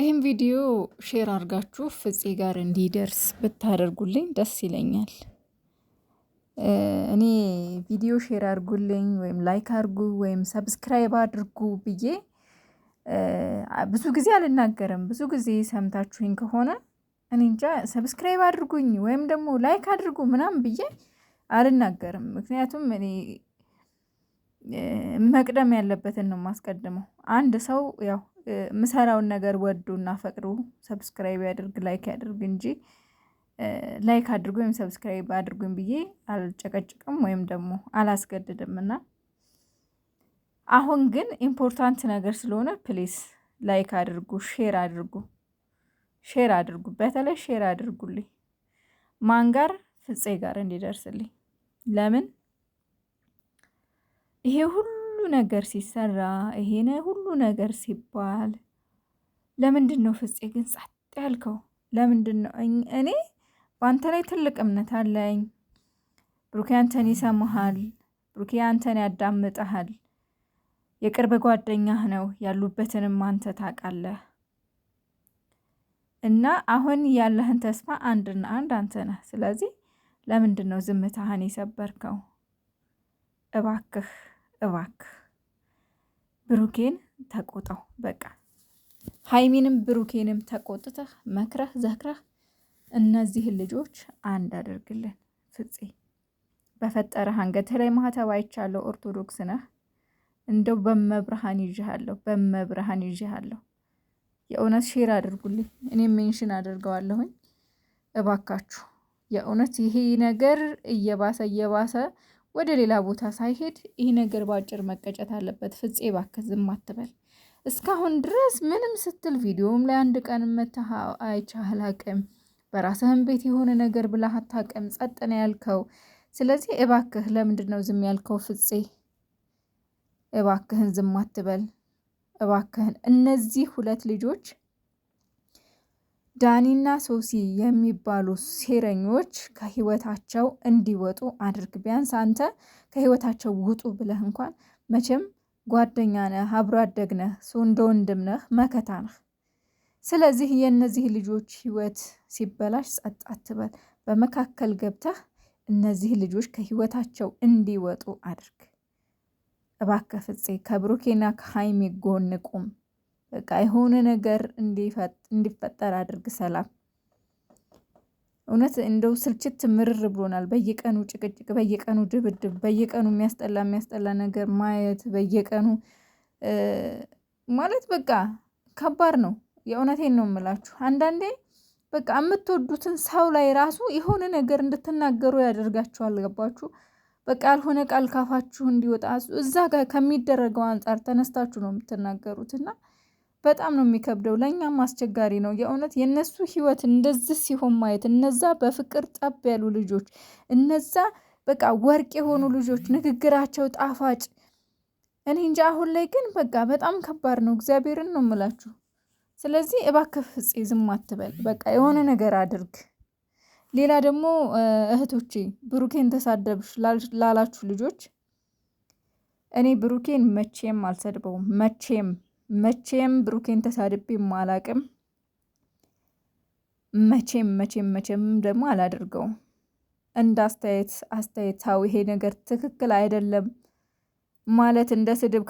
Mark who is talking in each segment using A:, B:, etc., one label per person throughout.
A: ይህም ቪዲዮ ሼር አድርጋችሁ ፍፄ ጋር እንዲደርስ ብታደርጉልኝ ደስ ይለኛል። እኔ ቪዲዮ ሼር አድርጉልኝ ወይም ላይክ አድርጉ ወይም ሰብስክራይብ አድርጉ ብዬ ብዙ ጊዜ አልናገርም። ብዙ ጊዜ ሰምታችሁኝ ከሆነ እኔ እንጃ ሰብስክራይብ አድርጉኝ ወይም ደግሞ ላይክ አድርጉ ምናምን ብዬ አልናገርም። ምክንያቱም እኔ መቅደም ያለበትን ነው የማስቀድመው። አንድ ሰው ያው ምሰራውን ነገር ወዱ እና ፈቅዱ ሰብስክራይብ ያድርግ ላይክ ያድርግ እንጂ ላይክ አድርጉ ወይም ሰብስክራይብ አድርጉኝ ብዬ አልጨቀጭቅም ወይም ደግሞ አላስገድድም እና አሁን ግን ኢምፖርታንት ነገር ስለሆነ ፕሊስ ላይክ አድርጉ፣ ሼር አድርጉ፣ ሼር አድርጉ። በተለይ ሼር አድርጉልኝ ማን ጋር ፍፄ ጋር እንዲደርስልኝ። ለምን ይሄ ሁሉ ነገር ሲሰራ ይሄን ሁሉ ነገር ሲባል ለምንድን ነው ፍፄ ግን ጸጥ ያልከው? ለምንድን ነው? እኔ በአንተ ላይ ትልቅ እምነት አለኝ። ብሩኬ አንተን ይሰማሃል። ብሩኬ አንተን ያዳምጠሃል። የቅርብ ጓደኛህ ነው። ያሉበትንም አንተ ታውቃለህ። እና አሁን ያለህን ተስፋ አንድና አንድ አንተ ነህ። ስለዚህ ለምንድን ነው ዝምታህን የሰበርከው? እባክህ እባክህ ብሩኬን ተቆጣው። በቃ ሀይሚንም ብሩኬንም ተቆጥተህ መክረህ ዘክረህ እነዚህን ልጆች አንድ አድርግልን። ፍፄ በፈጠረህ አንገትህ ላይ ማህተብ አይቻለሁ። ኦርቶዶክስ ነህ፣ እንደው በመብርሃን ይዤሃለሁ፣ በመብርሃን ይዤሃለሁ። የእውነት ሼር አድርጉልኝ፣ እኔም ሜንሽን አድርገዋለሁኝ። እባካችሁ የእውነት ይሄ ነገር እየባሰ እየባሰ ወደ ሌላ ቦታ ሳይሄድ ይህ ነገር በአጭር መቀጨት አለበት። ፍፄ እባክህ ዝም አትበል። እስካሁን ድረስ ምንም ስትል ቪዲዮም ላይ አንድ ቀን መታ አይቼህ አላቅም። በራስህም ቤት የሆነ ነገር ብለህ አታቅም። ጸጥ ነው ያልከው። ስለዚህ እባክህ ለምንድን ነው ዝም ያልከው? ፍፄ እባክህን ዝም አትበል። እባክህን እነዚህ ሁለት ልጆች ዳኒና ሶሲ የሚባሉ ሴረኞች ከህይወታቸው እንዲወጡ አድርግ። ቢያንስ አንተ ከህይወታቸው ውጡ ብለህ እንኳን መቼም ጓደኛ ነህ፣ አብሮ አደግ ነህ፣ ሰው እንደ ወንድም ነህ፣ መከታ ነህ። ስለዚህ የእነዚህ ልጆች ህይወት ሲበላሽ ጸጥ አትበል። በመካከል ገብተህ እነዚህ ልጆች ከህይወታቸው እንዲወጡ አድርግ። እባክህ ፍፄ ከብሩኬና ከሀይሚ ጎን ቁም። በቃ የሆነ ነገር እንዲፈጠር አድርግ ሰላም። እውነት እንደው ስልችት ምርር ብሎናል። በየቀኑ ጭቅጭቅ፣ በየቀኑ ድብድብ፣ በየቀኑ የሚያስጠላ የሚያስጠላ ነገር ማየት በየቀኑ ማለት በቃ ከባድ ነው። የእውነቴን ነው የምላችሁ። አንዳንዴ በቃ የምትወዱትን ሰው ላይ ራሱ የሆነ ነገር እንድትናገሩ ያደርጋችኋል። ገባችሁ? በቃ ያልሆነ ቃል ካፋችሁ እንዲወጣ እዛ ጋር ከሚደረገው አንጻር ተነስታችሁ ነው የምትናገሩትና በጣም ነው የሚከብደው ለእኛም አስቸጋሪ ነው። የእውነት የእነሱ ህይወት እንደዚህ ሲሆን ማየት እነዛ በፍቅር ጠብ ያሉ ልጆች እነዛ በቃ ወርቅ የሆኑ ልጆች ንግግራቸው ጣፋጭ። እኔ እንጂ አሁን ላይ ግን በቃ በጣም ከባድ ነው። እግዚአብሔርን ነው የምላችሁ። ስለዚህ እባክህ ፍፄ ዝም አትበል፣ በቃ የሆነ ነገር አድርግ። ሌላ ደግሞ እህቶቼ ብሩኬን ተሳደብሽ ላላችሁ ልጆች እኔ ብሩኬን መቼም አልሰድበውም መቼም መቼም ብሩኬን ተሳድቤም አላቅም። መቼም መቼም መቼም ደግሞ አላደርገውም። እንደ አስተያየት አስተያየታዊ ይሄ ነገር ትክክል አይደለም ማለት እንደ ስድብ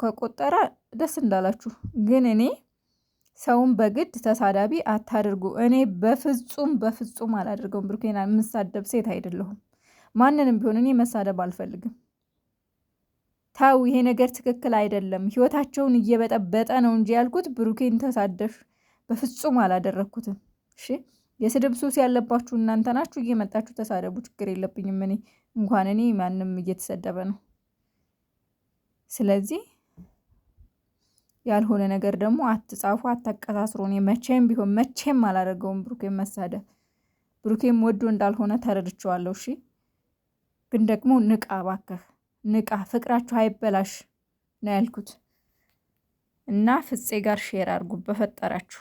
A: ከቆጠረ ደስ እንዳላችሁ። ግን እኔ ሰውን በግድ ተሳዳቢ አታድርጉ። እኔ በፍጹም በፍጹም አላደርገውም። ብሩኬን የምሳደብ ሴት አይደለሁም። ማንንም ቢሆን እኔ መሳደብ አልፈልግም። ታው ይሄ ነገር ትክክል አይደለም፣ ህይወታቸውን እየበጠበጠ ነው እንጂ ያልኩት ብሩኬን ተሳደፍ በፍጹም አላደረግኩትም። እሺ የስድብ ሱስ ያለባችሁ እናንተ ናችሁ። እየመጣችሁ ተሳደቡ፣ ችግር የለብኝም። እኔ እንኳን እኔ ማንም እየተሰደበ ነው። ስለዚህ ያልሆነ ነገር ደግሞ አትጻፉ፣ አታቀሳስሩ። እኔ መቼም ቢሆን መቼም አላደረገውም ብሩኬን መሳደብ። ብሩኬም ወዶ እንዳልሆነ ተረድቼዋለሁ። እሺ ግን ደግሞ ንቃ እባክህ ንቃ፣ ፍቅራችሁ አይበላሽ ነው ያልኩት እና ፍፄ ጋር ሼር አድርጉ በፈጠራችሁ።